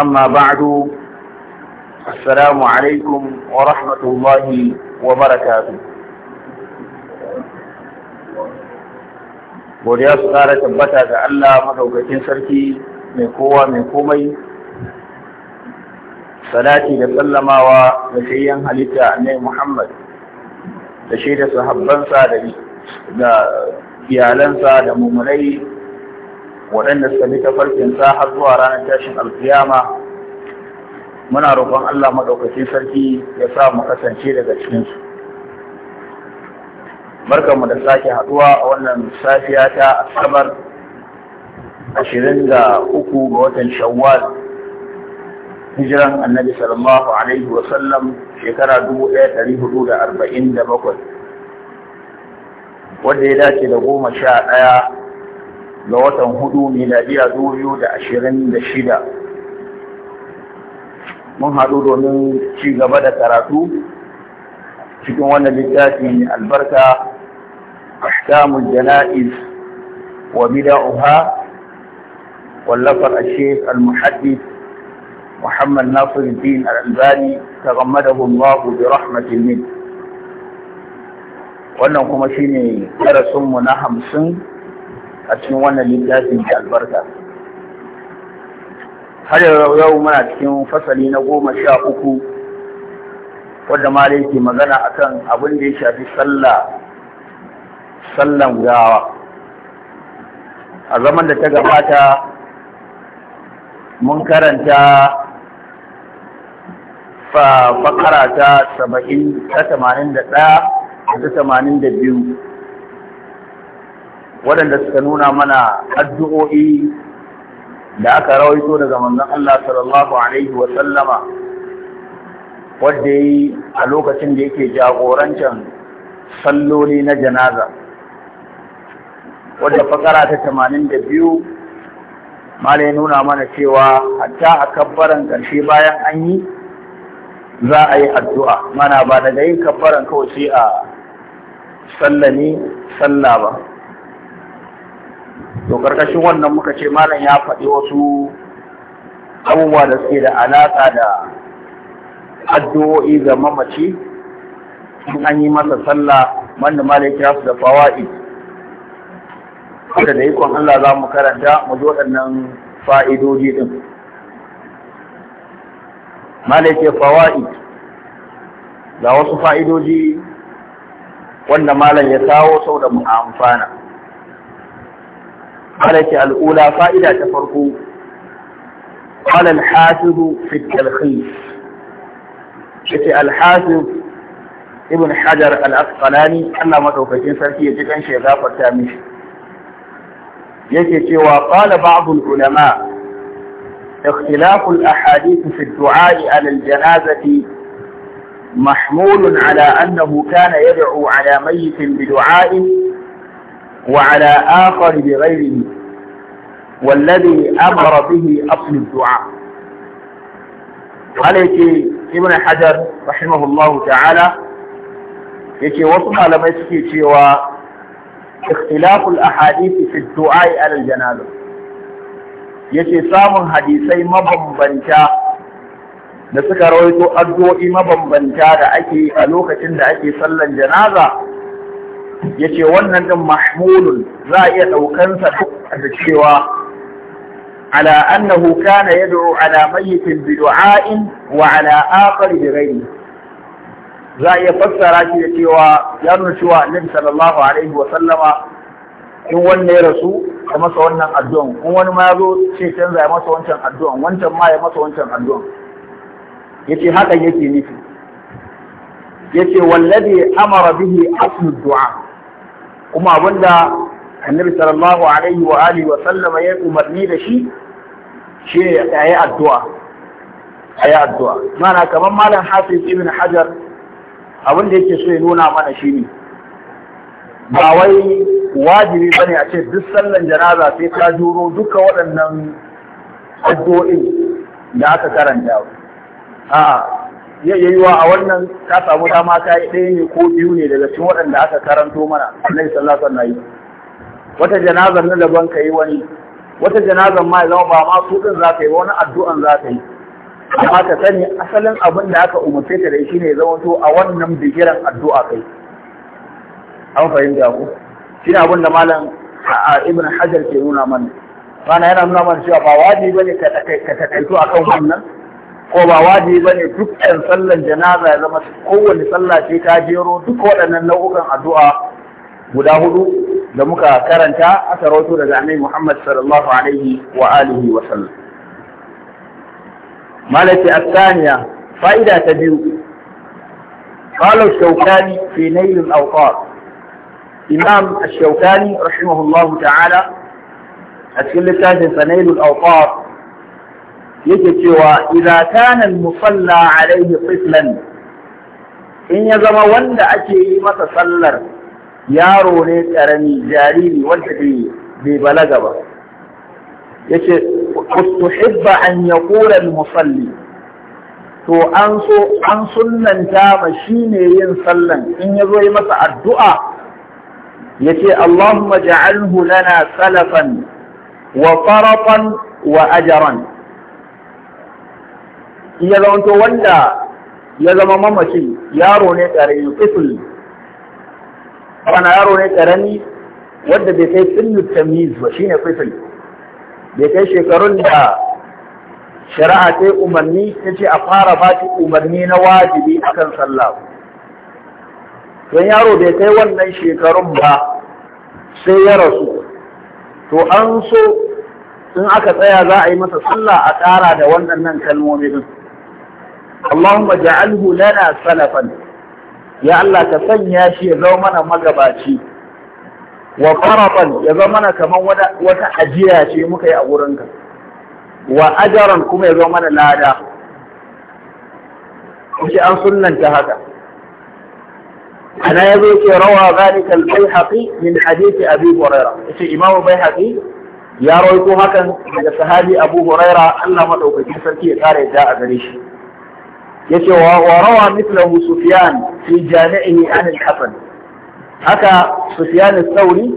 أما بعد السلام عليكم ورحمة الله وبركاته godiya su ƙara tabbata da Allah madaukakin sarki mai kowa mai komai salati da sallamawa da shayyan halitta ne Muhammad da shaida sahabbansa da iyalansa da mumulai waɗanda suka bi tafarkinsa har zuwa ranar tashin alkiyama muna roƙon Allah maɗaukacin sarki ya sa mu kasance daga cikinsu. Barkanmu da sake haɗuwa a wannan safiya ta Asabar ashirin da uku ga watan Shawwal hijiran annabi sallallahu alaihi wa sallam shekara dubu ɗaya ɗari hudu da arba'in da bakwai wanda ya dace da goma sha ɗaya ga watan hudu miladiya dubu biyu da ashirin da shida mun haɗu domin ci gaba da karatu cikin wannan littafi mai albarka ahkamul jana'iz wa bida'uha wallafar al-sheikh al-muhaddith محمد ناصر الدين الألباني تغمده الله برحمة wannan kuma shine darasinmu na hamsin a cikin wannan littafin da albarka har yau muna cikin fasali na goma sha uku wadda dai ke magana akan abin da ya shafi sallah sallan gawa a zaman da ta gabata mun karanta fakara ta saba'in ta tamanin da ɗaya da ta tamanin da biyu waɗanda suka nuna mana addu'o'i da aka rawaito daga manzon Allah sallallahu alaihi wa sallama wanda yi a lokacin da yake jagorancin salloli na janaza wadda fakara ta tamanin da biyu. mala ya nuna mana cewa hatta a kabbaran ƙarshe bayan an yi za a yi addu'a mana ba daga yin kabbaran kawai sai a sallami sallah ba to karkashin wannan muka ce malam ya faɗi wasu abubuwa da suke da alaƙa da addu'o'i ga mamaci in an yi masa sallah wanda malam ya kira su da fawa'id wanda da ikon Allah za mu karanta mu ji waɗannan fa'idoji ɗin malam ya ce fawa'id ga wasu fa'idodi, wanda malam ya kawo sau da mu amfana قالت الأولى فائدة تفرقوا قال الحافظ في التلخيص شتي الحافظ ابن حجر الأسقلاني أنا متوفيتين سركي يتكن شيخاف التامش يكي وقال بعض العلماء اختلاف الأحاديث في الدعاء على الجنازة محمول على أنه كان يدعو على ميت بدعاء وعلى آخر بغيره والذي أمر به أصل الدعاء عليك ابن حجر رحمه الله تعالى يكي وصف على ما يسكي اختلاف الأحاديث في الدعاء على الجنابة يكي سام حديثي مبنبنتا da suka rawaito addu'o'i mabambanta da ake a lokacin da ake sallan janaza yace wannan din mahmulun za a iya ɗaukansa da cewa على أنه كان يدعو على wa بدعاء وعلى آخر بغيره za a iya fassara shi da cewa ya nuna cewa annabi sallallahu alaihi wa sallama in wanda ya rasu ya masa wannan addu'an in wani ma ya zo ce canza ya masa wancan addu'an wancan ma ya masa wancan addu'an yace hakan yake nufi yace wallazi amara bihi aslu du'a kuma abinda annabi sallallahu alaihi wa alihi wa sallama ya umarni da shi shi ne yi addu'a ayi addu'a mana kamar malam hafiz ibn hajar abinda yake so ya nuna mana ne. ba wai wajibi bane a ce duk sallan janaza sai ka juro duka waɗannan addu'o'in da aka karanta a'a ya yi wa a wannan ka samu dama ka yi ɗaya ne ko biyu ne daga cikin waɗanda aka karanto mana annabi sallasan na yi wata janazan na daban ka yi wani wata janazan ma ya zama ba ma su ɗin za ka yi wani addu'an za ka yi amma ka sani asalin abin da aka umarce ta da shi ne zama to a wannan bigiran addu'a kai an fahimta ku shi ne abin da malam ibn hajar ke nuna mana mana yana nuna mana cewa ba wajibi ne ka takaito akan wannan ko ba wajibi bane dukkan sallan janaza ya zama kowane sallah ce ta jero duk waɗannan nau'ukan addu'a guda hudu da muka karanta aka rawaito daga Annabi Muhammad sallallahu alaihi wa alihi wa sallam malati athaniya fa'ida ta biyu qala shawkani fi nail al-awtar imam ash-shawkani rahimahullahu ta'ala a cikin littafin sanail al yake cewa idza kana musalla alaihi tiflan in ya zama wanda ake yi masa sallar yaro ne karami jariri wanda bai balaga ba yace ustuhibba an yaqula musalli to an so an sunnanta ma shine yin sallan in yazo yi masa addu'a yace Allahumma ja'alhu lana salafan wa faratan wa ajran in ya zamanto wanda ya zama mamacin yaro ne ƙarami ƙisul ana yaro ne ƙarami wadda bai kai tsillu tamiz ba shine fitul. bai kai shekarun da shari'a ta umarni ta ce a fara ba umarni na wajibi akan sallah don yaro bai kai wannan shekarun ba sai ya rasu to an so in aka tsaya za a yi masa sallah a ƙara da waɗannan kalmomi din Allahumma ja'alhu lana salafan ya Allah ka sanya shi ya zama mana magabaci wa faratan ya zama mana kaman wata ajiya ce muka yi a wurinka wa ajaran kuma ya zama mana lada shi an sunnanta haka ana ya zo ce rawa zalika al-baihaqi min hadisi abi hurairah yace imam baihaqi ya rawaito hakan daga sahabi abu hurairah Allah madaukakin sarki ya kare da a gare shi yace wa rawa mithlahu sufyan fi jami'ihi an al-hasan haka sufyan al-thawri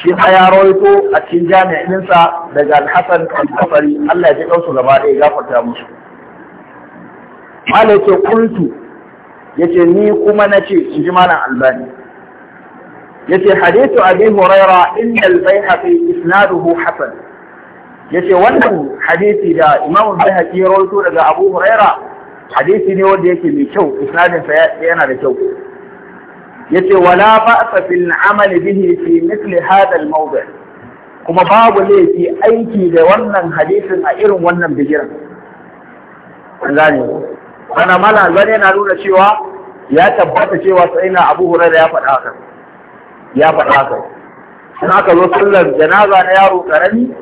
shi ma ya rawaito a cikin jami'in sa daga al-hasan al-thawri Allah ya ji kansu gaba da ya gafarta musu malai ce kuntu yace ni kuma nace in ji malam albani yace hadithu abi huraira inda al-baihaqi isnaduhu hasan yace wannan hadisi da imam al-baihaqi ya rawaito daga abu huraira hadisi ne wanda yake mai kyau isnadin sa yana da kyau yace wala ba'sa fil amal bihi fi mithli hadha al mawdi' kuma babu laifi aiki da wannan hadisin a irin wannan bigiran zani kana mala zan yana nuna cewa ya tabbata cewa sai na Abu Hurairah ya faɗa haka ya faɗa haka in aka zo sallar janaza na yaro karami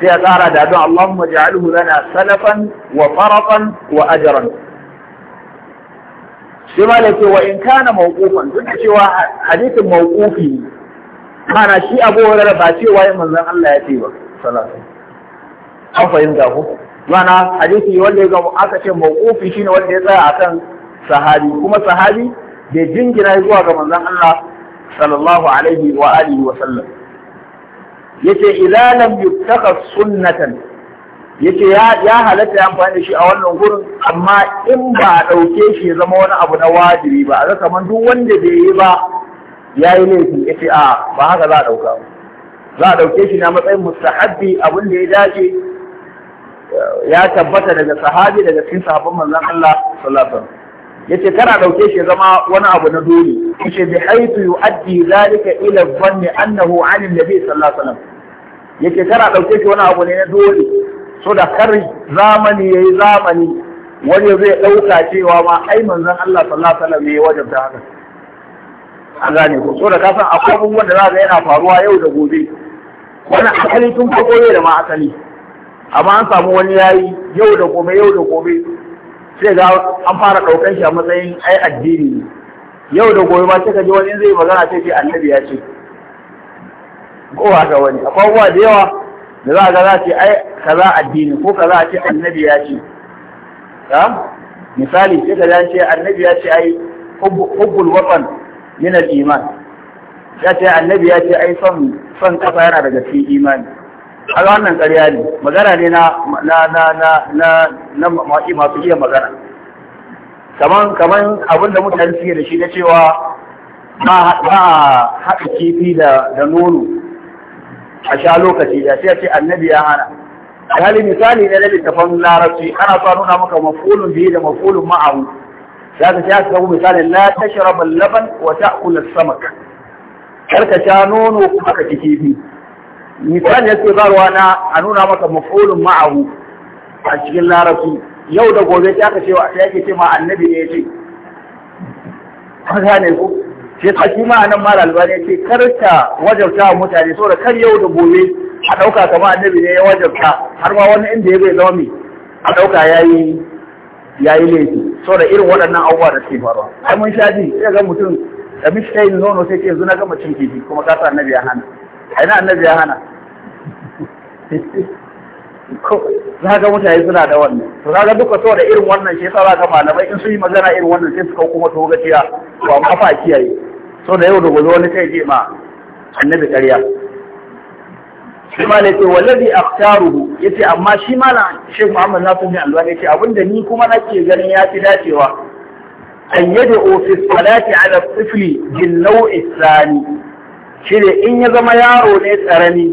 sai ya tsara da addu'a Allahumma ja'alhu lana salafan wa faratan wa ajran ma malaka wa in kana mawqufan duk da cewa hadithin mawqufi kana shi Abu Hurairah ba cewa yin manzon Allah ya ce ba sallallahu an fahimta ko mana hadisi wanda ya ga aka ce mawqufi shine wanda ya tsaya akan sahabi kuma sahabi bai jingina zuwa ga manzon Allah sallallahu alaihi wa alihi wa sallam yace idza lam sunnatan yace ya ya halatta amfani da shi a wannan gurin amma in ba a dauke shi ya zama wani abu na wajibi ba a kaman duk wanda bai yi ba yayi laifi yace a ba haka za a dauka za a dauke shi na matsayin mustahabbi abin da ya dace ya tabbata daga sahabi daga cikin sahabban manzon Allah sallallahu alaihi wasallam yace kana dauke shi zama wani abu na dole yace bi haythu yuaddi zalika ila dhanni annahu 'ala nabi sallallahu alaihi wasallam yace kana dauke shi wani abu ne na dole so da kar zamani yayi zamani wani zai dauka cewa ma ai manzon Allah sallallahu alaihi wasallam ne wajabta haka an gane ko so da kasan akwai abubuwan da za yana faruwa yau da gobe wani asali tun farko ne da ma asali amma an samu wani yayi yau da gobe yau da gobe sai ga an fara ɗaukar shi a matsayin ai addini ne yau da gobe ma sai ka ji wani zai magana sai ce annabi ya ce ko haka wani akwai abubuwa da yawa da za ga za ce ai kaza addini ko kaza ce annabi ya ce ha misali sai ka ce annabi ya ce ai hubbul wafan min al iman ya ce annabi ya ce ai son son kafa yana daga cikin imani a wannan ƙarya ne magana ne na na na na na masu iya magana kaman kaman abin da mutane suke da shi na cewa ba a haɗa kifi da da nono a sha lokaci da sai ce annabi ya hana alhali misali ne na littattafan larabci ana sa nuna maka mafulun biyu da mafulun ma'ahu za ka sai aka misalin la tashrabal laban wa ta'kul as-samak kar ka sha nono kuma ka ci kifi misali yake barwa na a nuna maka mafulun ma'ahu a cikin larabci yau da gobe ta aka cewa yake ce ma annabi ne ce ta shi ma nan mal albani ce karka wajabta wa mutane saboda kar yau da gobe a dauka kama annabi ne ya wajabta har ma wani inda ya bai zama mai a dauka ya yi laifi saboda irin waɗannan abubuwa da suke faruwa ai mun sha ji sai ga mutum da mishi kai nono sai ke yanzu na gama cin kifi kuma ka sa annabi ya hana aina annabi ya hana za ga mutane suna da wannan to za ga duka so da irin wannan shi yasa ga malamai in sun yi magana irin wannan sai kawo kuma to gaciya to amma fa kiyaye so da yau da gobe wani sai je ma annabi ƙarya shi ma ne ce wallazi akhtaruhu yace amma shi malam Sheikh Muhammad Nasir bin Albani yace abinda ni kuma nake ganin ya fi dacewa ayyadu fi salati ala tifli bin naw'i thani shi ne in ya zama yaro ne tsarani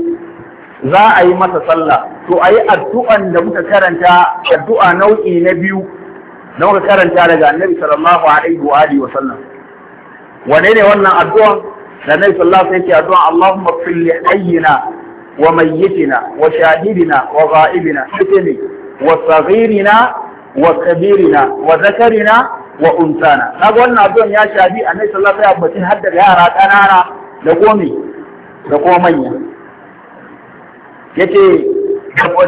za a yi masa sallah to a yi addu'an da muka karanta addu'a nau'i na biyu da muka karanta daga annabi sallallahu alaihi wa alihi wa sallam wane ne wannan addu'an da annabi sallallahu alaihi wa addu'an Allahumma fil li hayyina wa mayyitina wa shahidina wa ghaibina ne wa saghirina wa kabirina wa zakarina wa unsana kaga wannan addu'an ya shafi annabi sallallahu alaihi wa sallam har daga yara kanana da komi da kuma manya yace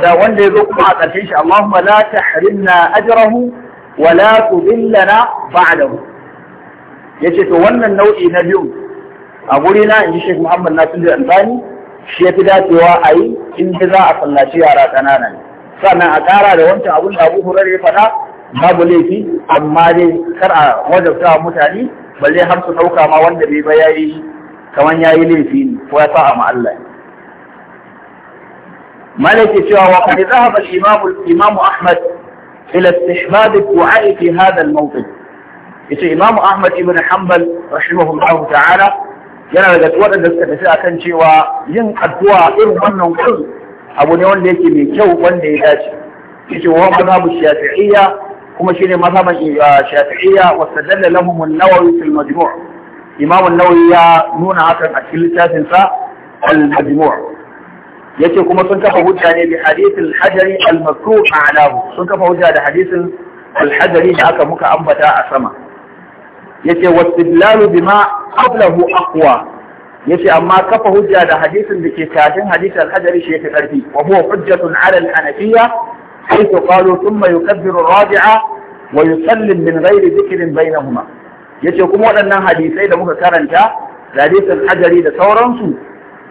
da wanda ya zo kuma a karshen shi Allahumma la tahrimna ajrahu wa la tudillana ba'dahu yace to wannan nau'i na biyu a guri na inji Sheikh Muhammad Nasir Al-Albani shi yafi dacewa a yi in za a sallaci yara ƙanana ne sannan a ƙara da wancan abun da Abu Hurairah ya faɗa babu laifi amma dai kar a wajabta mutane balle har su ɗauka ma wanda bai bayayi kamar ya yi laifi ne ko ya sa'a ma Allah malaki cewa wa qad dhahaba al-imam ahmad ila istihbab ad-du'a fi hada al-mawqif ita imam ahmad ibn hanbal rahimahullahu ta'ala yana daga waɗanda suka tafi akan cewa yin addu'a irin wannan kun abu ne wanda yake mai kyau wanda ya dace yace wa mazhabu shafi'iyya kuma shine mazhaban shafi'iyya wa sadalla lahum an-nawawi fil majmu' إمام النووي يا نون عاتم أكل تاسنسا المجموع يتي كما سنكف وجهني بحديث الحجري المكروح أعلاه سنكف وجهة حديث الحجري لأك مك أمبتا أسما يتي والسبلال بما قبله أقوى يتي أما كف وجهة حديث بكتاتين حديث الحجري شيخ فردي وهو حجة على الحنفية حيث قالوا ثم يكبر الرابعة ويسلم من غير ذكر بينهما yace kuma waɗannan hadisai da muka karanta da hadisin hajari da sauransu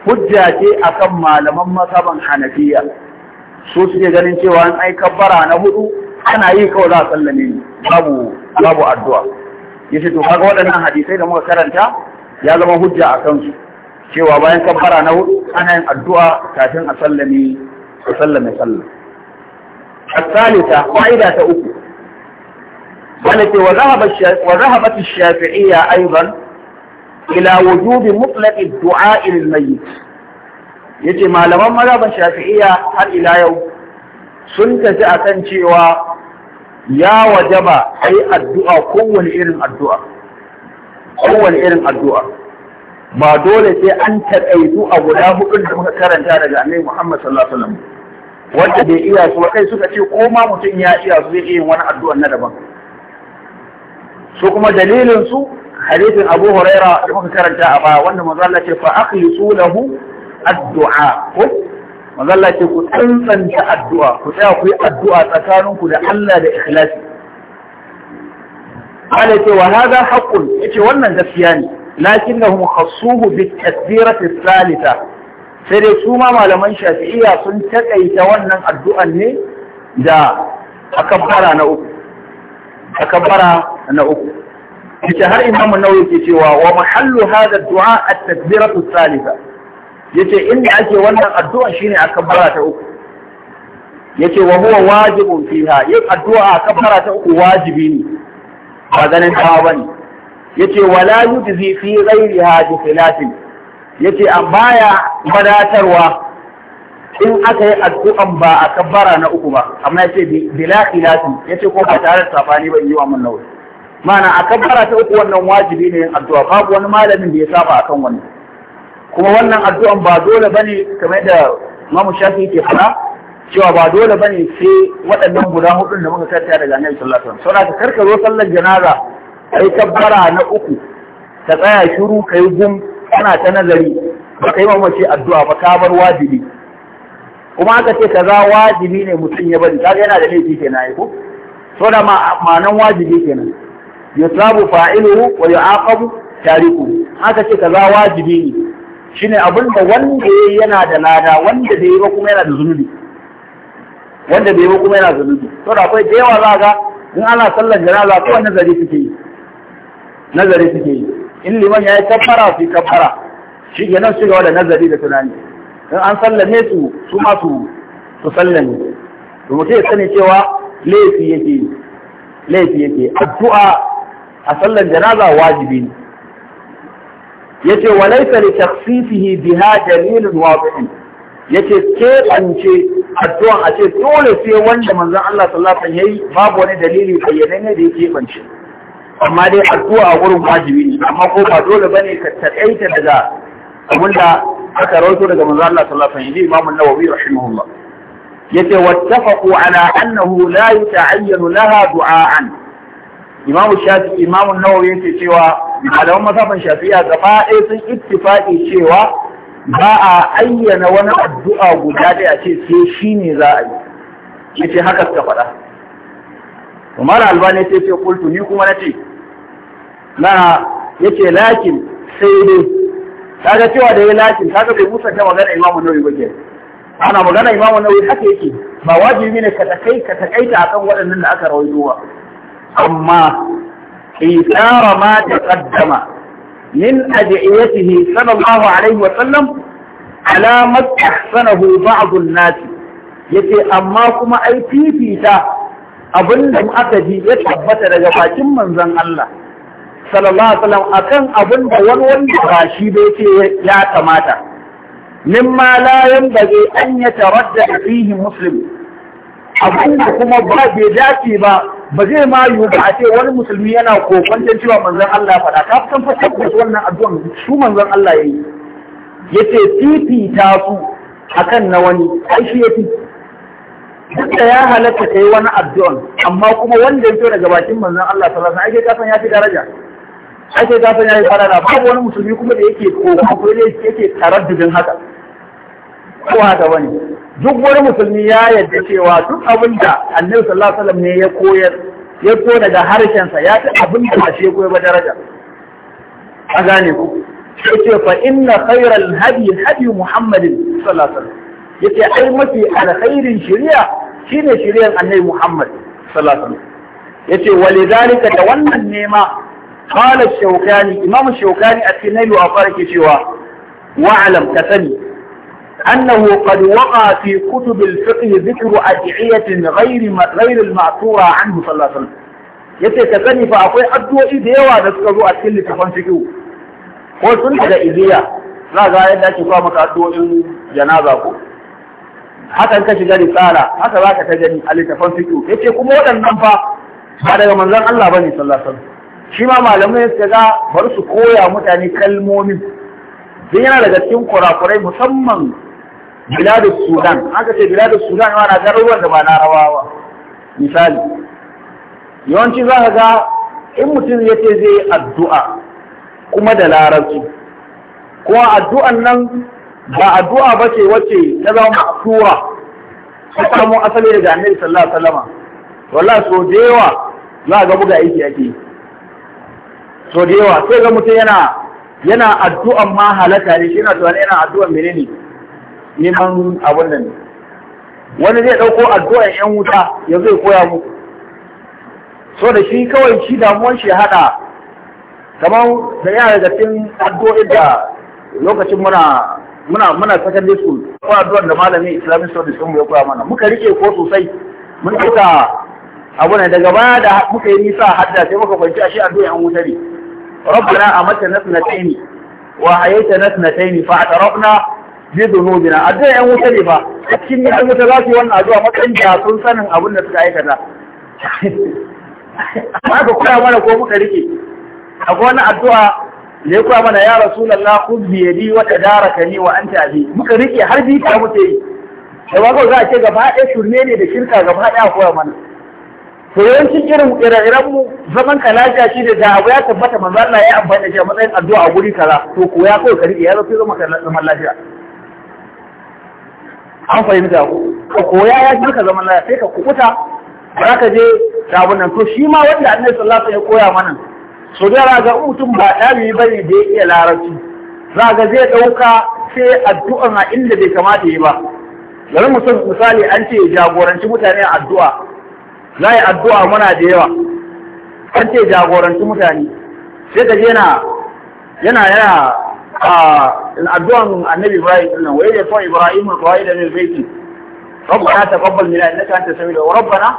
hujja ce akan malaman masaban hanafiya su suke ganin cewa an ai kabbara na hudu ana yi kawai za a sallame ni babu babu addu'a ce to kaga waɗannan hadisai da muka karanta ya zama hujja a kansu cewa bayan kabbara na hudu ana yin addu'a kafin a sallame a sallame sallah الثالثة ta uku. قالت وذهبت الشافعية أيضا إلى وجوب مطلق الدعاء للميت yace malaman mazhaban shafi'iyya har ila yau sun tafi a kan cewa ya wajaba ai addu'a kowane irin addu'a irin addu'a ba dole sai an taƙaitu a guda hudun da muka karanta daga annabi Muhammad sallallahu alaihi wasallam wanda bai iya su kai suka ce koma mutum ya iya su zai iya wani addu'a na daban su kuma dalilin su hadisin Abu Huraira da muka karanta a baya wanda manzo ce fa akhlisu lahu addu'a ko manzo ce ku tsantsanta addu'a ku tsaya ku yi addu'a tsakaninku da Allah da ikhlasi قال ce wa hada haqqun yace wannan gaskiya ne lakinnahum khassuhu bi at thalitha sai dai su ma malaman shafi'iyya sun takaita wannan addu'an ne da akabbara na uku akabbara na uku yace har Imam an-Nawawi ke cewa wa mahallu hadha ad-du'a at-takbiratu ath-thalitha yace inda ake wannan addu'a shine a kabbara ta uku yace wa huwa wajibun fiha yin addu'a a kabbara ta uku wajibi ne ba ganin ta bane yace wala yujzi fi ghayriha bi khilafin yace amma baya wadatarwa in aka yi addu'an ba a kabbara na uku ba amma yace bila khilafin yace ko ba tare da safani ba in yi wa mun nawawi mana a kabbara ta uku wannan wajibi ne yin addu'a babu wani malamin da ya saba akan wannan kuma wannan addu'an ba dole bane kamar da Imam Shafi ke fara cewa ba dole bane sai waɗannan guda hudun da muka karanta daga Annabi sallallahu alaihi wasallam saboda karkaro sallar janaza kai tabbara na uku ka tsaya shiru kai gum kana ta nazari ba kai mamaci addu'a ba ka bar wajibi kuma aka ce kaza wajibi ne mutum ya bari kaga yana da laifi kenan ai ko so da ma'anan wajibi kenan yusabu fa'iluhu wa yu'aqabu tariku haka ce kaza wajibi ne shine abin da wanda yana da lada wanda bai yi ba kuma yana da zunubi wanda bai yi ba kuma yana da zunubi to da akwai da yawa za ga in ana sallar janaza ko nazari suke yi nazari suke yi in liman ya yi fi kafara shi ke nan shiga da nazari da tunani in an sallame su su ma su su sallame to mutum ya sani cewa laifi yake laifi yake addu'a a sallar janaza wajibi ne yace walai laysa taksifihi biha dalilun wadih yace keɓance addu'an a ce dole sai wanda manzon Allah sallallahu alaihi wasallam yayi babu wani dalili bayyane ne da ya keɓance amma dai addu'a a gurin wajibi ne amma ko ba dole bane ka takaita daga abinda aka rawaito daga manzon Allah sallallahu alaihi wasallam Imam an-Nawawi rahimahullah yace wattafaqu ala annahu la yata'ayyanu laha du'a'an imamu shafi imamu nawawi yake cewa malaman masafan shafiya gaba ɗaya sun ittifaqi cewa ba a ayyana wani addu'a guda ɗaya ce sai shi ne za a yi ce haka suka faɗa umar albani sai ce kultu ni kuma na ce. na ce lakin sai dai kaga cewa da ya lakin kaga bai musa ta magana imamu nawawi ba ke ana magana imamu nawawi haka yake ba wajibi ne ka takai ka takaita akan waɗannan da aka rawaito ba amma إيثار ما تقدم من أدعيته صلى الله عليه وسلم على ما استحسنه بعض الناس yace amma kuma ai fifita abin da aka ji ya tabbata daga bakin manzon Allah sallallahu alaihi wasallam akan abin da wani wanda ba shi ba yace ya kamata mimma la yanbaghi an yataradda fihi muslim abin da kuma ba bai dace ba ba zai ma yiwu ba a ce wani musulmi yana kokwantar cewa manzon Allah faɗa ka san fa tabbas wannan addu'an su manzon Allah yi. Ya ce fifita su akan na wani ai shi fi. duk da ya halatta yi wani addu'an amma kuma wanda yake daga bakin manzon Allah sallallahu alaihi wasallam ai kai ya fi daraja ai kai ka san yayi farada babu wani musulmi kuma da yake kokwantar yake taraddudin haka ko haka bane duk wani musulmi ya yarda cewa duk abin da annabi sallallahu alaihi wasallam ne ya koyar ya ko daga sa ya ta abin da ba shi koyar ba daraja a gane ku ce fa inna khayral hadi hadi muhammadin sallallahu alaihi wasallam yace ai mafi alkhairin shari'a shine shari'ar annabi muhammad sallallahu alaihi wasallam yace walidhalika da wannan nema qala shaukani imam shaukani a cikin nailu afar ke cewa wa'alam ka sani أنه قد وقع في كتب الفقه ذكر أدعية غير غير المعثورة عنه صلى الله عليه وسلم yace ka sani fa akwai addu'o'i da yawa da suka zo a cikin littafin fiqh ko sun da iziya za ga yadda ake kawo maka addu'o'in janaza ko hakan ka shiga risala haka za ka ta gani a littafin fiqh yace kuma waɗannan fa ba daga manzon Allah bane sallallahu alaihi wasallam shi ma malamai suka ga bar su koya mutane kalmomin din yana daga cikin kurakurai musamman biladus sudan aka ce biladus sudan yana garuruwan da ba na rawawa misali yawanci za ka ga in mutum ya ce zai addu'a kuma da larabci kuma addu'an nan ba addu'a ba ce wacce ta zama ma'asura ta samu asali daga annabi sallallahu alaihi wasallam wallahi so da yawa za ga buga aiki ake so da yawa sai ga mutum yana yana addu'an ma halaka ne shi yana tunanin yana addu'an menene neman abin da ne wani zai ɗauko addu'ar ‘yan wuta ya zai koya muku so da shi kawai shi damuwan shi haɗa kamar da yana daga cikin addu'o'i da lokacin muna muna muna secondary school ko addu'ar da malamin islamic studies sun ya koya mana muka rike ko sosai mun ɗauka abu ne daga baya da muka yi nisa hadda sai muka fahimci ashe addu'a ‘yan wuta ne rabbana amatta nasnataini wa hayaita nasnataini fa atarafna bi dunubina addu'a ƴan wuta ne ba, a cikin ƴan wuta za su yi wannan addu'a matsayin da sun sanin abin da suka aikata amma ka koya mana ko muka rike akwai wani addu'a da ya koya mana ya rasulullah kun biyadi dara ka ni wa anta abi muka rike har bi ta muke yi da ba za a ce gaba ɗaya shirme ne da shirka gaba ɗaya koya mana to yawancin irin ire-iren mu zaman ka lafiya shi ne da abu ya tabbata manzo Allah ya amfani da shi a matsayin addu'a a guri kaza to koya kawai ka rike ya zo sai zama lafiya an fahimta ka koya ya ji ka zaman lafiya sai ka kukuta ba ka je da nan to shi ma wanda annabi sallallahu alaihi ya koya mana so da ga mutum ba ɗalibi bane da ya iya larabci za ga zai ɗauka sai addu'a na inda bai kamata yi ba bari mu san misali an ce jagoranci mutane addu'a za yi addu'a muna da yawa an ce jagoranci mutane sai ka je yana yana yana addu'an annabi Ibrahim din nan wai ya fa Ibrahim qaida min baiti rabbana taqabbal minna innaka antas samiul wa rabbana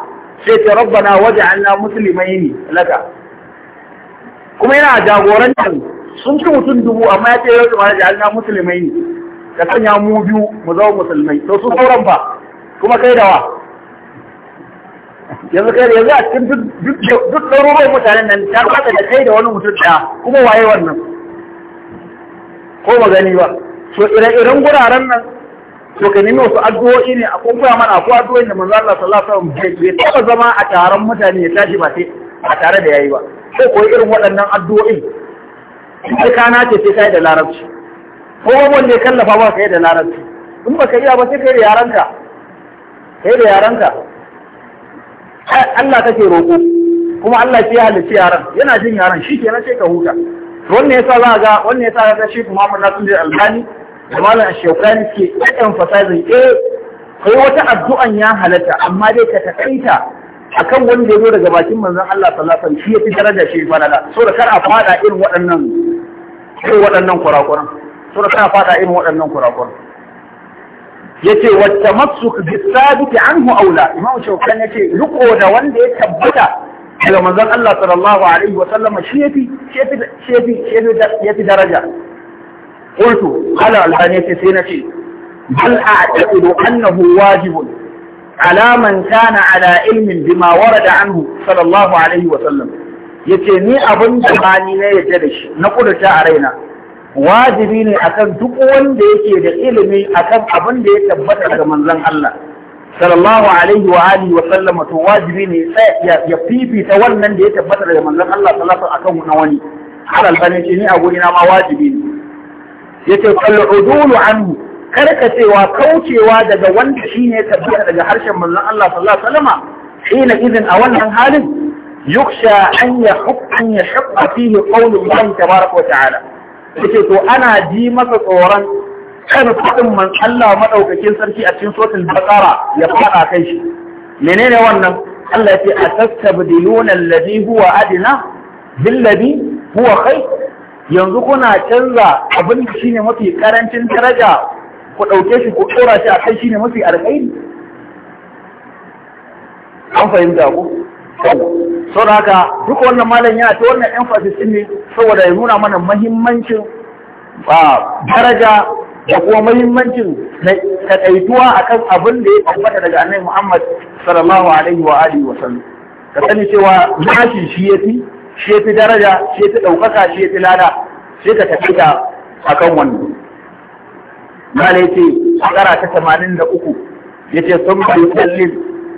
sai ce rabbana waj'alna muslimaini laka kuma yana jagorantar sun ci mutum dubu amma ya ce yau da waj'alna ne. ka sanya mu biyu mu zama musulmai to su sauran fa kuma kai da wa yanzu kai yanzu a cikin duk duk ɗaruruwan mutanen nan ta kwata da kai da wani mutum ɗaya kuma waye wannan ko ba gani ba so ire-iren guraren nan so ka nemi wasu addu'o'i ne a kuma mana ko addu'o'i da manzo Allah sallallahu alaihi wasallam bai taba zama a taron mutane ya tashi ba sai a tare da yayi ba ko koyi irin waɗannan addu'o'i sai ka ce sai kai da larabci ko wanda ya kallafa ba kai da larabci in ba ka iya ba sai kai da yaranka kai da yaranka Allah kake roƙo kuma Allah ya halicci yaran yana jin yaran shi kenan sai ka huta wannan yasa za ga wannan yasa ga shi Muhammad Nasir Al-Albani da malam Shawkani ke emphasizing eh kai wata addu'an ya halatta amma dai ka takaita akan wanda ya zo daga bakin manzon Allah sallallahu alaihi wasallam shi yafi daraja shi falala so da kar a fada irin waɗannan irin waɗannan kurakuran so da kar a fada irin waɗannan kurakuran yace wa tamassuk bi sabiti anhu aula imam shawkan yace riko da wanda ya tabbata daga manzon Allah sallallahu alaihi wa sallam shi yafi shi yafi shi yafi daraja qultu ala albani sai na ce bal a'taqidu annahu wajibun ala man kana ala ilmin bima warada anhu sallallahu alaihi wa sallam yace ni abin da bani ne yadda da shi na kudurta a raina wajibi ne akan duk wanda yake da ilimi akan abin da ya tabbata daga manzon Allah sallallahu alaihi wa alihi wa sallama to wajibi ne ya fifita wannan da ya tabbata daga manzon Allah sallallahu alaihi akan na wani halal bane ce ni a guri na ma wajibi ne yace fal udulu anhu karkacewa kaucewa daga wanda shine tabbata daga harshen manzon Allah sallallahu alaihi wasallama hina idan a wannan halin yuksha an ya yahqa an yahqa fihi qawlu Allah tabaaraka wa ta'ala yace to ana ji masa tsoron kan kuɗin man Allah maɗaukakin sarki a cikin sotul bakara ya faɗa kai shi menene wannan Allah ya ce a tastabdiluna alladhi huwa adna billadhi huwa kai? yanzu kuna canza abin da shine mafi karancin daraja ku ɗauke shi ku tsora shi a kai shine mafi alkhairi an fahimta ku sau da haka duk wannan malam yana ta wannan emphasis ne saboda ya nuna mana mahimmancin ah, daraja da kuma muhimmancin takaituwa akan abin da ya tabbata daga annabi Muhammad sallallahu alaihi wa alihi wa sallam ka sani cewa nashi shi yafi shi yafi daraja shi yafi daukaka shi yafi lada sai ka takaita akan wannan mala yace shekara ta 83 yace sun bai sallin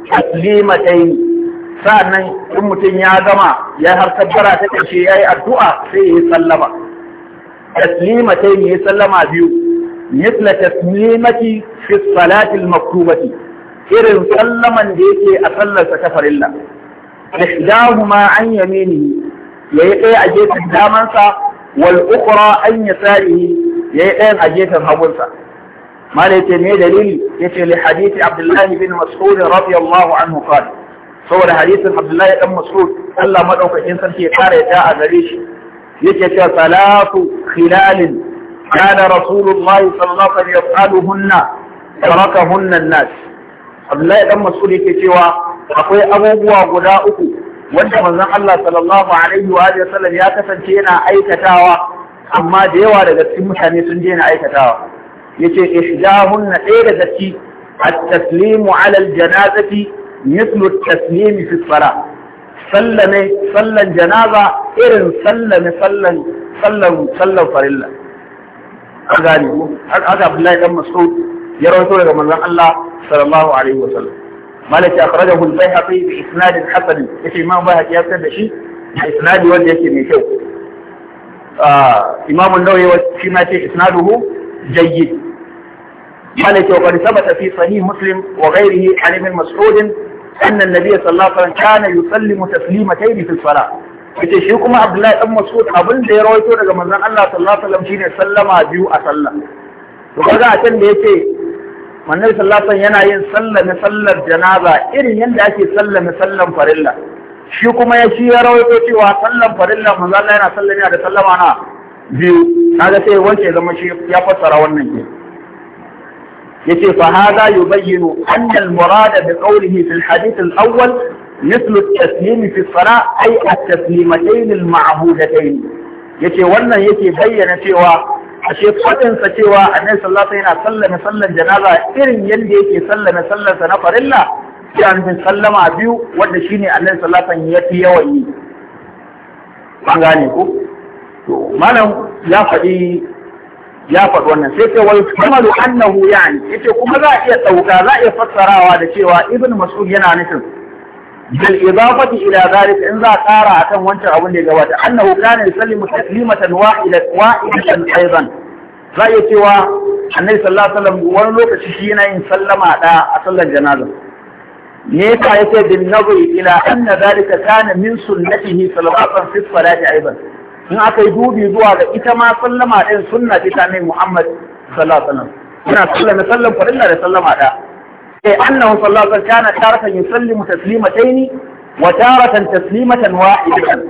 taslimatai nan in mutum ya gama ya har tabbara ta ya yi addu'a sai ya yi sallama taslimatai yi sallama biyu misla taslimati fi salati al irin sallaman da yake a sallarsa ta farilla ihdahuma an yaminihi yayi ɗaya a gefen damansa wal ukhra an yasarihi yayi ɗayan a gefen hagunsa malai ce me dalili yace li hadisi abdullahi bin mas'ud radiyallahu anhu qala saboda hadisin abdullahi dan mas'ud Allah madaukakin sarki ya kare ta a gare shi yake cewa salatu khilalin كان رسول الله صلى الله عليه وسلم يفعلهن تركهن الناس Abdullahi dan Mas'ud yake cewa akwai abubuwa guda uku wanda manzon Allah sallallahu alaihi wa alihi wasallam ya kasance yana aikatawa amma da yawa daga cikin mutane sun je na aikatawa yace ihdahunna ɗaya daga datti, at-taslimu ala al-janazati mithlu at-taslimi fi as-salah sallame sallan janaza irin sallame sallan sallan sallan farilla an gane haka Abdullahi dan Mas'ud ya rawaito daga manzon Allah sallallahu alaihi wasallam malaki akhrajahu al-Baihaqi bi isnad hasan yace Imam Baihaqi ya tsaya da shi da isnadi wanda yake mai kyau ah, Imam An-Nawawi shi ma ce isnaduhu jayyid malaki wa qad thabata fi sahih Muslim wa ghayrihi an ibn Mas'ud أن النبي صلى الله عليه وسلم كان يسلم تسليمتين في الصلاة yace shi kuma Abdullahi dan Mas'ud abin da ya rawaito daga manzon Allah sallallahu alaihi wasallam shine sallama biyu a sallah to kaga a can da yace manzon sallallahu alaihi yana yin sallah na sallar janaza irin yanda ake sallah na sallan farilla shi kuma ya shi ya rawaito cewa sallan farilla manzon Allah yana sallama da sallama na biyu kaga sai wance zama shi ya fassara wannan ke yace fa hada yubayyinu anna al-murada bi qawlihi fil hadith al-awwal مثل التسليم في الصلاة أي التسليمتين المعهودتين yace wannan yake bayyana cewa ashe fadin cewa annabi sallallahu yana sallama sallan janaza irin yanda yake sallama sallan sa na farilla sai an sallama biyu wanda shine annabi sallallahu alaihi wasallam yafi yawan malam ya faɗi wannan sai sai wani kamalu annahu yani yace kuma za a iya ɗauka za a iya fassarawa da cewa ibn mas'ud yana nufin bil idafati ila zalika in za kara akan wancan abin da ya gabata annahu kana yusallimu taslimatan wahidatan wahidatan aidan za iya cewa annabi sallallahu alaihi wasallam wani lokaci shi yana yin sallama da a sallar janaza me yasa yake bin nazari ila anna zalika kana min sunnatihi sallallahu alaihi wasallam fi salati aidan in aka yi dubi zuwa ga ita ma sallama ɗin sunna ce ta Muhammad sallallahu alaihi wasallam yana sallama sallan farilla da sallama ɗaya أي أنه صلى الله عليه وسلم كان تارة يسلم تسليمتين وتارة تسليمة واحدة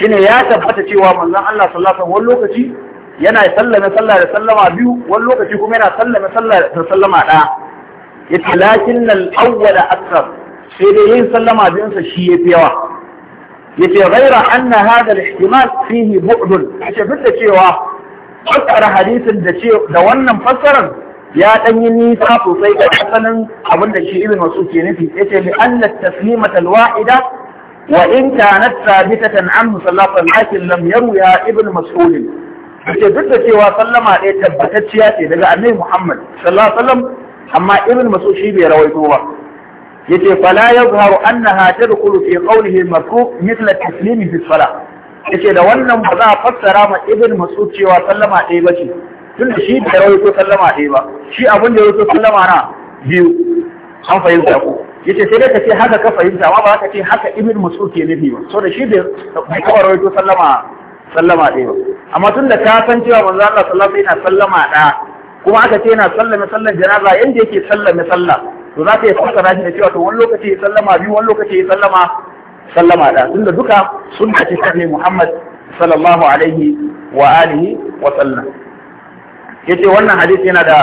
شنو يا ya tabbata cewa الله صلى الله عليه وسلم lokaci yana sallame sallah da sallama biyu wani lokaci kuma yana sallame sallah da sallama ɗaya yace lakin al-awwal akthar sai dai yin sallama biyun sa shi yafi yawa yace ghaira anna hadha al-ihtimal fihi bu'd yace duk da cewa fassara hadisin da da wannan fassarar ya dan yi nisa sosai ga asalin abin da shi ibn masu ke nufi yace li anna taslimat al-wahida wa in kanat thabitatan anhu sallallahu alaihi lam yarwiha ibn Mas'ud yace duk da cewa sallama ɗaya tabbatacciya ce daga Annabi Muhammad sallallahu alaihi amma ibn Mas'ud shi bai rawaito ba yace fala yadhharu annaha tadkhulu fi qawlihi marfu' mithla taslimi fi salah yace da wannan ba za a fassara ma ibn Mas'ud cewa sallama ɗaya bace tun da shi da ya rawaito sallama ɗaya ba shi abin da ya rawaito sallama na biyu an fahimta ko Ya ce sai dai ka ce haka ka fahimta amma ba ka ce haka ibn mas'ud ke nufi ba so da shi da bai kawar rawaito sallama sallama ɗaya ba amma tun da ka san cewa manzo Allah sallallahu alaihi wasallam yana sallama ɗaya kuma aka ce yana sallame sallan janaza yanda yake sallame sallah to za ka yi fassara shi da cewa to wani lokaci ya sallama biyu wani lokaci ya sallama sallama da tunda duka sunna ce ta Muhammad sallallahu alaihi wa alihi wa sallam yace wannan hadisi yana da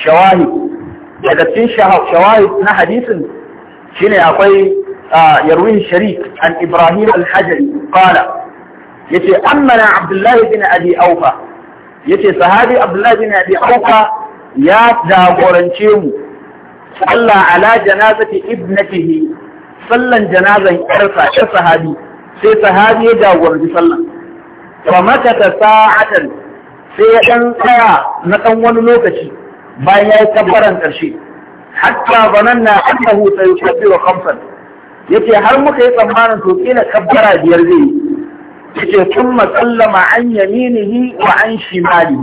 shawahi daga cikin shawahi na hadisin shine akwai yarwin sharif an ibrahim al-hajari qala yace amma na abdullahi bin abi aufa yace sahabi abdullahi bin abi auka ya jagorance mu salla ala janazati ibnatihi sallan janazan yarsa ta sahabi sai sahabi ya jagoranci sallan fa makata sai ya ɗan tsaya na ɗan wani lokaci bayan ya yi kabbaran ƙarshe hatta zananna annahu kamfan. Ya yace har muka yi tsammanin to kila kabbara biyar zai yace kuma sallama an yaminihi wa an shimali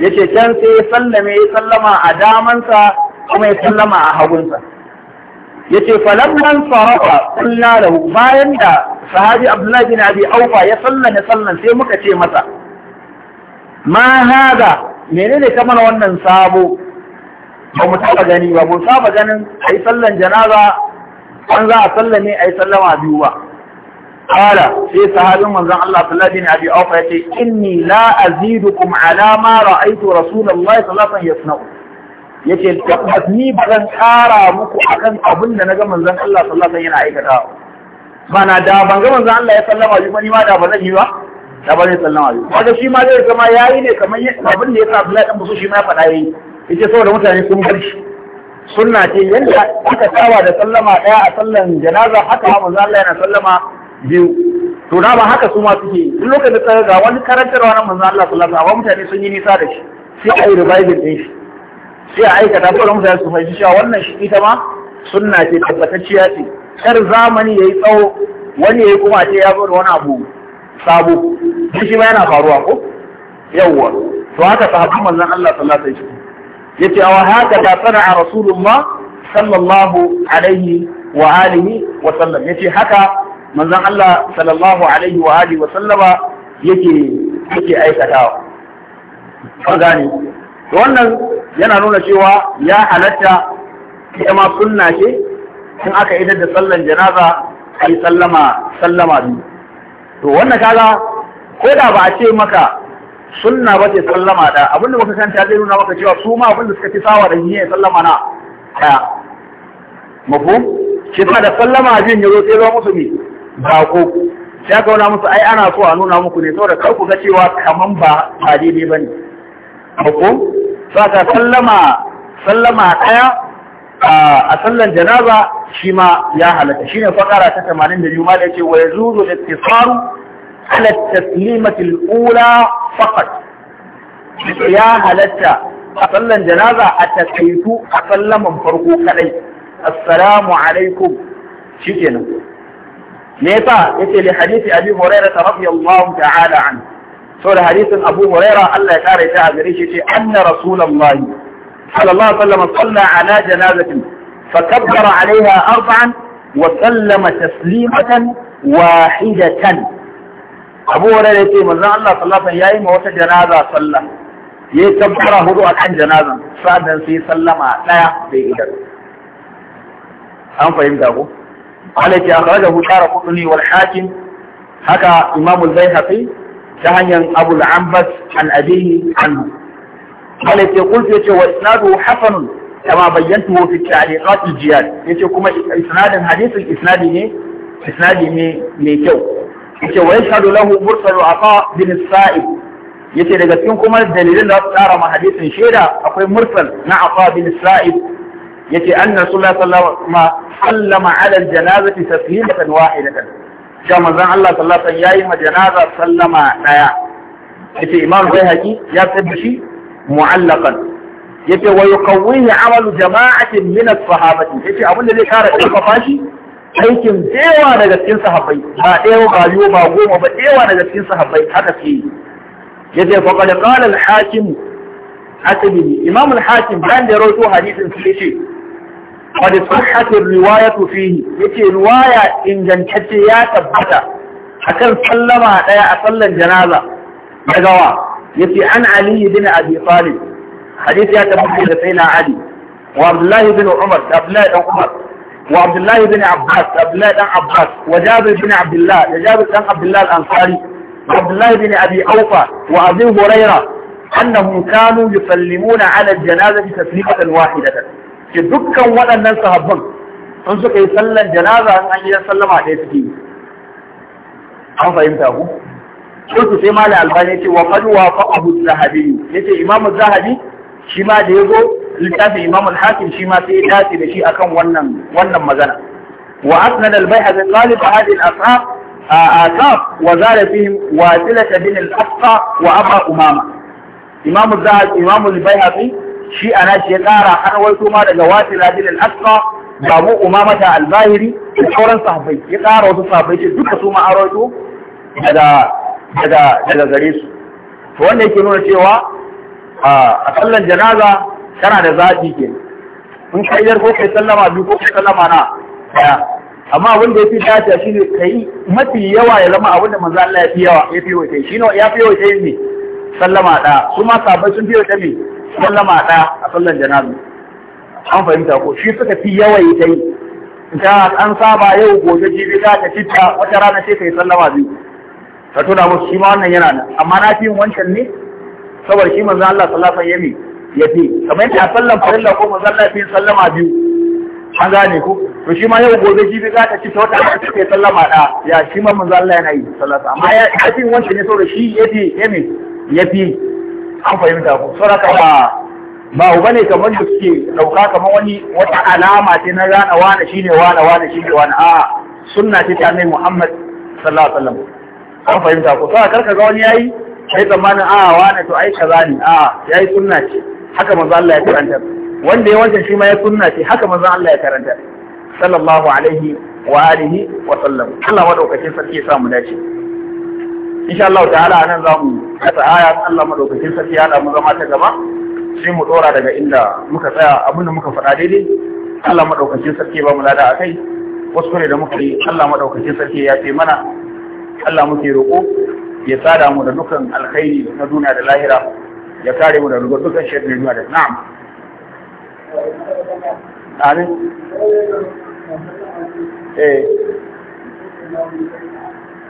ce can sai ya sallame ya sallama a damansa kuma ya sallama a hagunsa yace falamman sarafa kullu lahu bayan da sahabi abdullahi bin abi aufa ya sallame sallan sai muka ce masa ma haga menene ka mana wannan sabo ba mu taba gani ba mun saba ganin a yi sallan janaza an za a sallame a yi sallama biyu ba qala sai sahabin manzon Allah sallallahu alaihi abi ya ce, inni la azidukum ala ma ra'aytu rasulullahi sallallahu alaihi wasallam yace tabbas ni ba zan kara muku akan abin da naga manzon Allah sallallahu alaihi wasallam yana aikatawa bana da ban ga manzon Allah ya sallama biyu ba ni ma da ba zan yi ba ya ba zai sallama biyu kaga shi ma zai zama yayi ne kamar abin da ya sa Abdullahi dan Musu shi ma ya faɗa yayi yace saboda mutane sun bar shi sunna ce yanda aka saba da sallama ɗaya a sallan janaza haka ma manzo Allah yana sallama biyu to da ba haka su ma suke duk lokacin da tsaya ga wani karantarwa na manzo Allah sallallahu alaihi wasallam mutane sun yi nisa da shi sai a yi revival din shi sai a aikata ko mutane su fahimci cewa wannan shi ita ma sunna ce tabbatacciya ce kar zamani yayi tsawo wani yayi kuma ce ya bar wani abu sabo duk shi ma yana faruwa ko yawwa to haka sahabban manzon Allah sallallahu alaihi wasallam yace awa haka da sana'a rasulullah sallallahu alaihi wa alihi wa sallam yace haka manzon Allah sallallahu alaihi wa alihi wa sallama yake yake aikatawa an gane wannan yana nuna cewa ya halatta ita ma sunna ce in aka idar da sallan janaza ai sallama sallama biyu to wannan kaza, ko da ba a ce maka sunna ba ce sallama da abin da kanta zai nuna maka cewa su ma abin da suka ci sawa da niyyar sallama na daya mafu shi ta da sallama biyun ya zo sai zo musu ne ba ko sai aka nuna musu ai ana so a nuna muku ne saboda kar ku ga cewa kaman ba ba daidai ba ne mafu saka sallama sallama daya a sallan janaza shi ma ya halatta shine fakara ta 82 ma da yake wa yazuzu al-ittisaru ala at-taslimati al-ula faqat ya halatta a sallan janaza a takaitu a sallaman farko kadai assalamu alaikum Shi shikenan me yasa yace li hadisi abi hurairah radiyallahu ta'ala anhu da hadisin Abu Huraira Allah ya kare ta a gare shi ce anna Rasulullahi sallallahu alaihi wasallam salla ala janazatin فكبر عليها أربعا وسلم تسليمة واحدة أبو هريرة من الله صلى الله عليه وسلم وتا جنازة صلى يكبر هدو أكن جنازة سعدا في سلم لا بإدر أم فهمت أبو عليك أخرجه شار قطني والحاكم هكا إمام البيهقي تهنيا أبو العنبس عن أبيه عنه قال قلت وإسناده حسن kama bayyantu fi ta'liqat al-jihad yace kuma isnadin hadisin isnadi ne isnadi ne mai kyau yace wa yashhadu lahu mursalu aqa bin sa'id yace daga cikin kuma dalilin da su tsara ma hadisin shaida akwai mursal na aqa bin sa'id yace anna rasulullah sallallahu alaihi sallama ala al-janazati taslimatan wahidatan cewa manzon Allah sallallahu alaihi wasallam yayi ma janaza sallama daya yace imam bai haki ya tabbashi mu'allaqan yace wa yukawwihi amalu jama'atin min as-sahabati yace abin da zai kara karfafa shi aikin dewa daga cikin sahabbai ba dewa ba ba goma ba dewa daga cikin sahabbai haka ce yace fa qad qala al-hakim asbi imam al-hakim bayan da rawaito hadisin sai yace qad sahhat ar-riwayatu fihi yace riwaya ingantacce ya tabbata akan sallama daya a sallan janaza daga wa yace an ali bin abi talib hadisi ya tabbata da sayyidina ali wa abdullahi bin umar da abdullahi dan umar wa abdullahi bin abbas da abdullahi dan abbas wa jabir bin abdullah da jabir dan abdullah al wa abdullahi bin abi aufa wa abi hurairah annahum kanu yusallimuna ala al-janazati taslimatan wahidatan ke dukkan waɗannan sahabban sun suka yi sallan janaza an an sallama yi an fahimta ku sai sai malam albani ce wa qad wafaqahu az-zahabi yace imam az-zahabi shi ma da ya zo littafin imam al-hakim shi ma sai ya dace da shi akan wannan wannan magana wa asnad al-bayhaqi qalib hadhihi al-ashab asaf wa zala fihim wasilah bin al-asqa wa aba umama imam al zahabi imam al-bayhaqi shi ana shi ya tsara har wai ma daga wasila bin al-asqa babu umama ta al-zahiri da sauran sahabbai ya tsara wasu sahabbai ce duka su ma aroto daga daga daga gare su to wanda yake nuna cewa a sallan janaza kana da zaɓi ke in ka idar ko kai sallama biyu ko kai sallama na ɗaya amma abin da ya fi dace shi ne ka yi mafi yawa ya zama abin da manzo Allah ya fi yawa ya fi yawa shi ne ya fi yawa yin ne sallama ɗaya su ma sabai sun fi yawa ne sallama ɗaya a sallan janaza an fahimta ko shi suka fi yawa yi ta yi ta an saba yau gobe jibi za ta fita wata rana sai ka yi sallama biyu ka tuna musu shi ma wannan yana nan amma na fi yin wancan ne saboda shi manzo Allah sallallahu alaihi wasallam ya fi kamar yadda sallan farilla ko manzo Allah fi sallama biyu an gane ku. to shi ma yau gobe jibi za ta ci ta wata aka ce sallama da ya shi ma manzo Allah yana yi sallasa amma ya fi wanda ne saboda shi ya fi ya fi ya fi an fahimta ko saboda ba ba uba ne kamar da suke dauka kamar wani wata alama ce na gane wane shine wane wane shine wane a sunna ce ta mai Muhammad sallallahu alaihi wasallam an fahimta ko sai karka ga wani yayi kai tsammanin a wani to ai kaza ne a yayi sunna ce haka manzo Allah ya karanta wanda ya wancan shi ma ya sunna ce haka manzo Allah ya karanta sallallahu alaihi wa alihi wa sallam Allah madaukakin sarki ya sa mu dace insha Allah ta'ala anan za mu kasa aya Allah madaukakin sarki ya da mu zama ta gaba sai mu dora daga inda muka tsaya abinda muka faɗa daidai Allah madaukakin sarki ba mu lada akai wasu ne da muka yi Allah madaukakin sarki ya ce mana Allah muke roƙo ya tsada mu da dukkan alkhairi na duniya da lahira ya kare mu da dukkan shirin duniya da na'am amin eh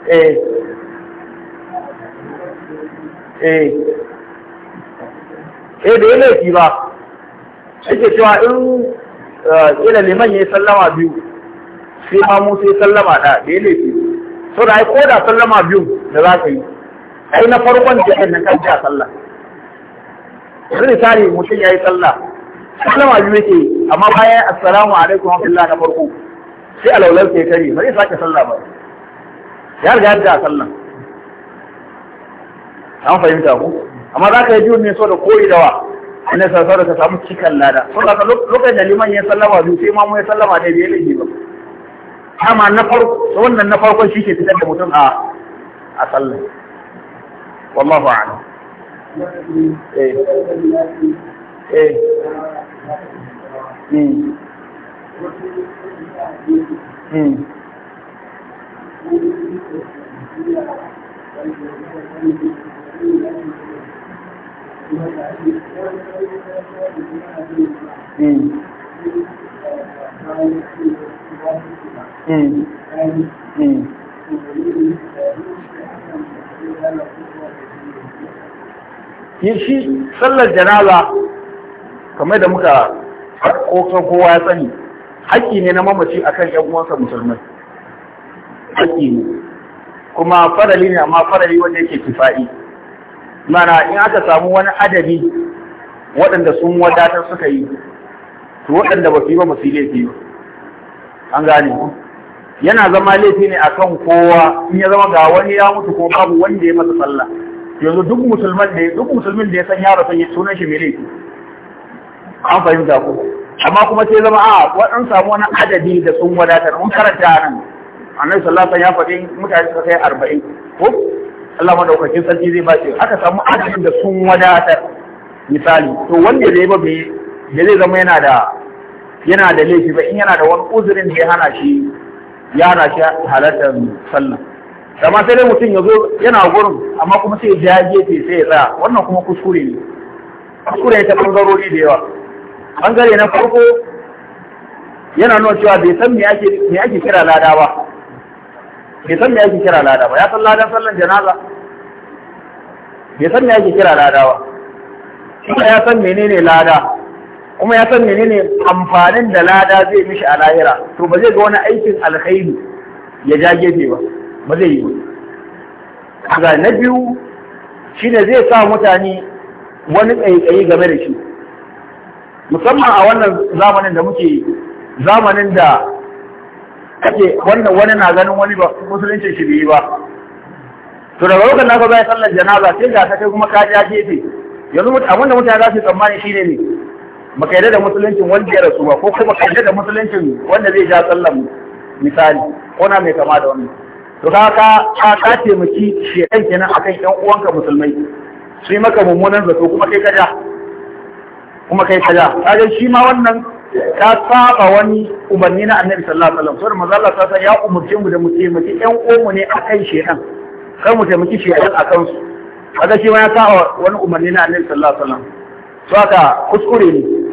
eh eh eh da yana ki ba ake cewa in eh, ila liman ya yi sallama biyu sai ma mu sai sallama da da yana laifi. to da ai ko da sallama biyu da za ka yi ai na farkon da kan kan ja sallah yanzu misali mutum ya yi sallah sallama biyu yake amma bayan assalamu alaikum wa rahmatullah na farko sai alawlan ke kare ba zai sake sallah ba ya riga da sallah an fahimta ku amma za ka yi biyun ne so da koyi da wa ne sassau da ka samu cikan lada da lokacin da liman ya sallama biyu sai ma mu ya sallama da biyu ne ba dama na farko wannan na farkon shi ke fitar da mutum a a sallah wallahu a'lam eh eh mm mm Mm. yin hmm. hmm. shi sallar janaza kamar da muka kokan kowa ya sani haƙƙi ne na mamaci akan ‘yan uwansa musulman haƙƙi ne kuma farali ne amma farali wanda yake kifa'i mana in aka samu wani adadi waɗanda sun wadatar suka yi to waɗanda ba su yi ba musu laifi ba an gane yana zama laifi ne akan kowa in ya zama ga wani ya mutu ko babu wanda ya masa sallah yanzu duk musulman da duk musulmin da ya san yaro yi sunan shi mai laifi an fahimta ko amma kuma sai zama a ah, wadan samu wani adadi da sun wadatar mun karanta nan annabi sallallahu alaihi wasallam ya faɗi mutane suka kai arba'in ko Allah madaukakin sarki zai bace aka samu adadin da sun wadatar misali to wanda zai ba bai zai zama yana da yana da laifi ba in yana da wani uzurin da ya hana shi ya hana shi halartar sallah amma sai dai mutum ya zo yana gurin amma kuma sai ya gefe sai ya tsaya wannan kuma kuskure ne kuskure ne ta bangarori da yawa bangare na farko yana nuna cewa bai san me ake kira lada ba bai san me ake kira lada ba ya san ladan sallan janaza bai san me ake kira lada ba kuma ya san menene lada kuma ya san menene amfanin da lada zai mishi a lahira to ba zai ga wani aikin alkhairi ya ja gefe ba ba zai yi ba na biyu shine zai sa mutane wani ƙaiƙayi game da shi musamman a wannan zamanin da muke zamanin da kake wannan wani na ganin wani ba musulunci shi bai yi ba to daga lokacin da ka bai sallar janaza sai ga ta kai kuma ka ja gefe yanzu abinda mutane za su tsammani shine ne baka yarda da musuluncin wanda ya rasu ba ko kuma ka yarda da musuluncin wanda zai ja sallan misali ko na mai kama da wannan to kaka ka ka taimaki shedan kenan akan ƴan uwanka musulmai su yi maka mummunan zato kuma kai kaja kuma kai kaja kaga shi ma wannan ka saba wani umarni na annabi sallallahu alaihi wasallam saboda manzo Allah sallallahu alaihi ya umurce mu da mu taimaki ƴan uwanmu ne akan shedan kar mu taimaki shedan akan su kaga shi ma ya saba wani umarni na annabi sallallahu alaihi wasallam to haka kuskure ne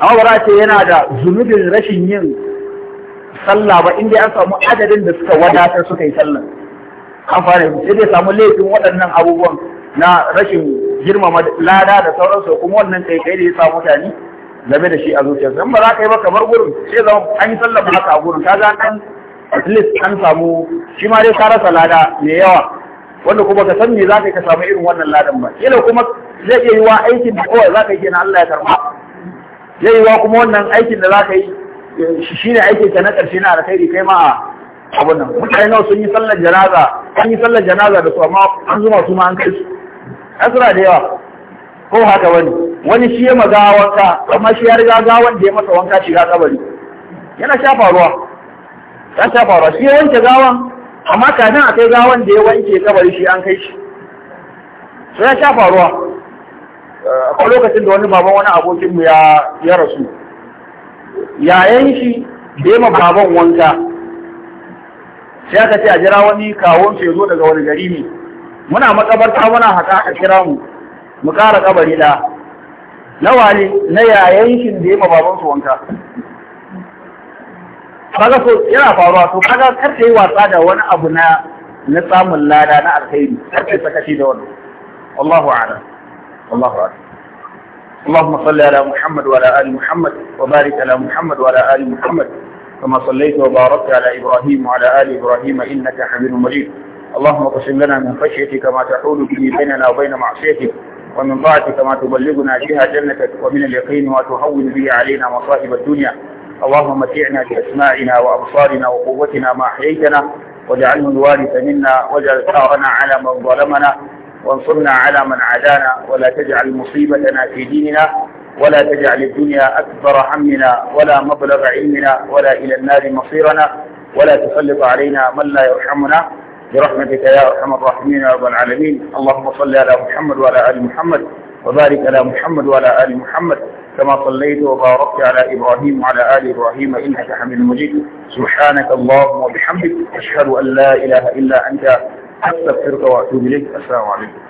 amma ba ce yana da zunubin rashin yin sallah ba inda an samu adadin da suka wadatar suka yi sallah an sai dai samu laifin waɗannan abubuwan na rashin girmama lada da sauransu kuma wannan kai kai da ya samu mutane game da shi a zuciyarsa Zan ba za ka yi ba kamar gurin sai zama an yi sallah ba haka a gurin ka ga an at least an samu shi ma dai ka rasa lada mai yawa wanda kuma ka san me za ka yi ka samu irin wannan ladan ba kila kuma zai iya yi wa aikin da kawai za ka yi na Allah ya karɓa zai wa kuma wannan aikin da za ka yi shi ne aikin ka na ƙarshe na alkhairi kai ma abun nan mutane nawa sun yi sallar janaza an yi sallar janaza da su amma an zuma su ma an kai su asira da yawa ko haka wani wani shi ya maga wanka amma shi ya riga gawan da ya masa wanka shiga kabari yana shafa ruwa ya shafa ruwa shi ya wanke gawan amma kafin a kai gawan da ya wanke kabari shi an kai shi sai ya shafa ruwa akwai lokacin da wani baban wani abokinmu ya rasu yayan shi da ma baban wanka sai aka ce a jira wani kawon ya zo daga wani gari ne muna makabarta muna haka aka kira mu mu kara kabari da nawa ne na yayan shi da ma baban su wanka kaga so yana faruwa to kaga kar ta yi wasa da wani abu na na samun lada na alkhairi kar ta sakaci da wani, Allahu a'lam والله أعلم اللهم صل على محمد وعلى آل محمد وبارك على محمد وعلى آل محمد كما صليت وباركت على إبراهيم وعلى آل إبراهيم إنك حميد مجيد اللهم اقسم لنا من خشيتك ما تحول به بيننا وبين معصيتك ومن طاعتك ما تبلغنا بها جنتك ومن اليقين ما تهون به علينا مصائب الدنيا اللهم متعنا بأسماعنا وأبصارنا وقوتنا ما أحييتنا واجعله الوارث منا واجعل ثارنا على من ظلمنا وانصرنا على من عادانا ولا تجعل مصيبتنا في ديننا ولا تجعل الدنيا أكبر همنا ولا مبلغ علمنا ولا إلى النار مصيرنا ولا تسلط علينا من لا يرحمنا برحمتك يا أرحم الراحمين يا رب العالمين اللهم صل على محمد وعلى آل محمد وبارك على محمد وعلى آل محمد كما صليت وباركت على إبراهيم وعلى آل إبراهيم إنك حميد مجيد سبحانك اللهم وبحمدك أشهد أن لا إله إلا أنت astaghfiruka wa atubu ilayk assalamu alaikum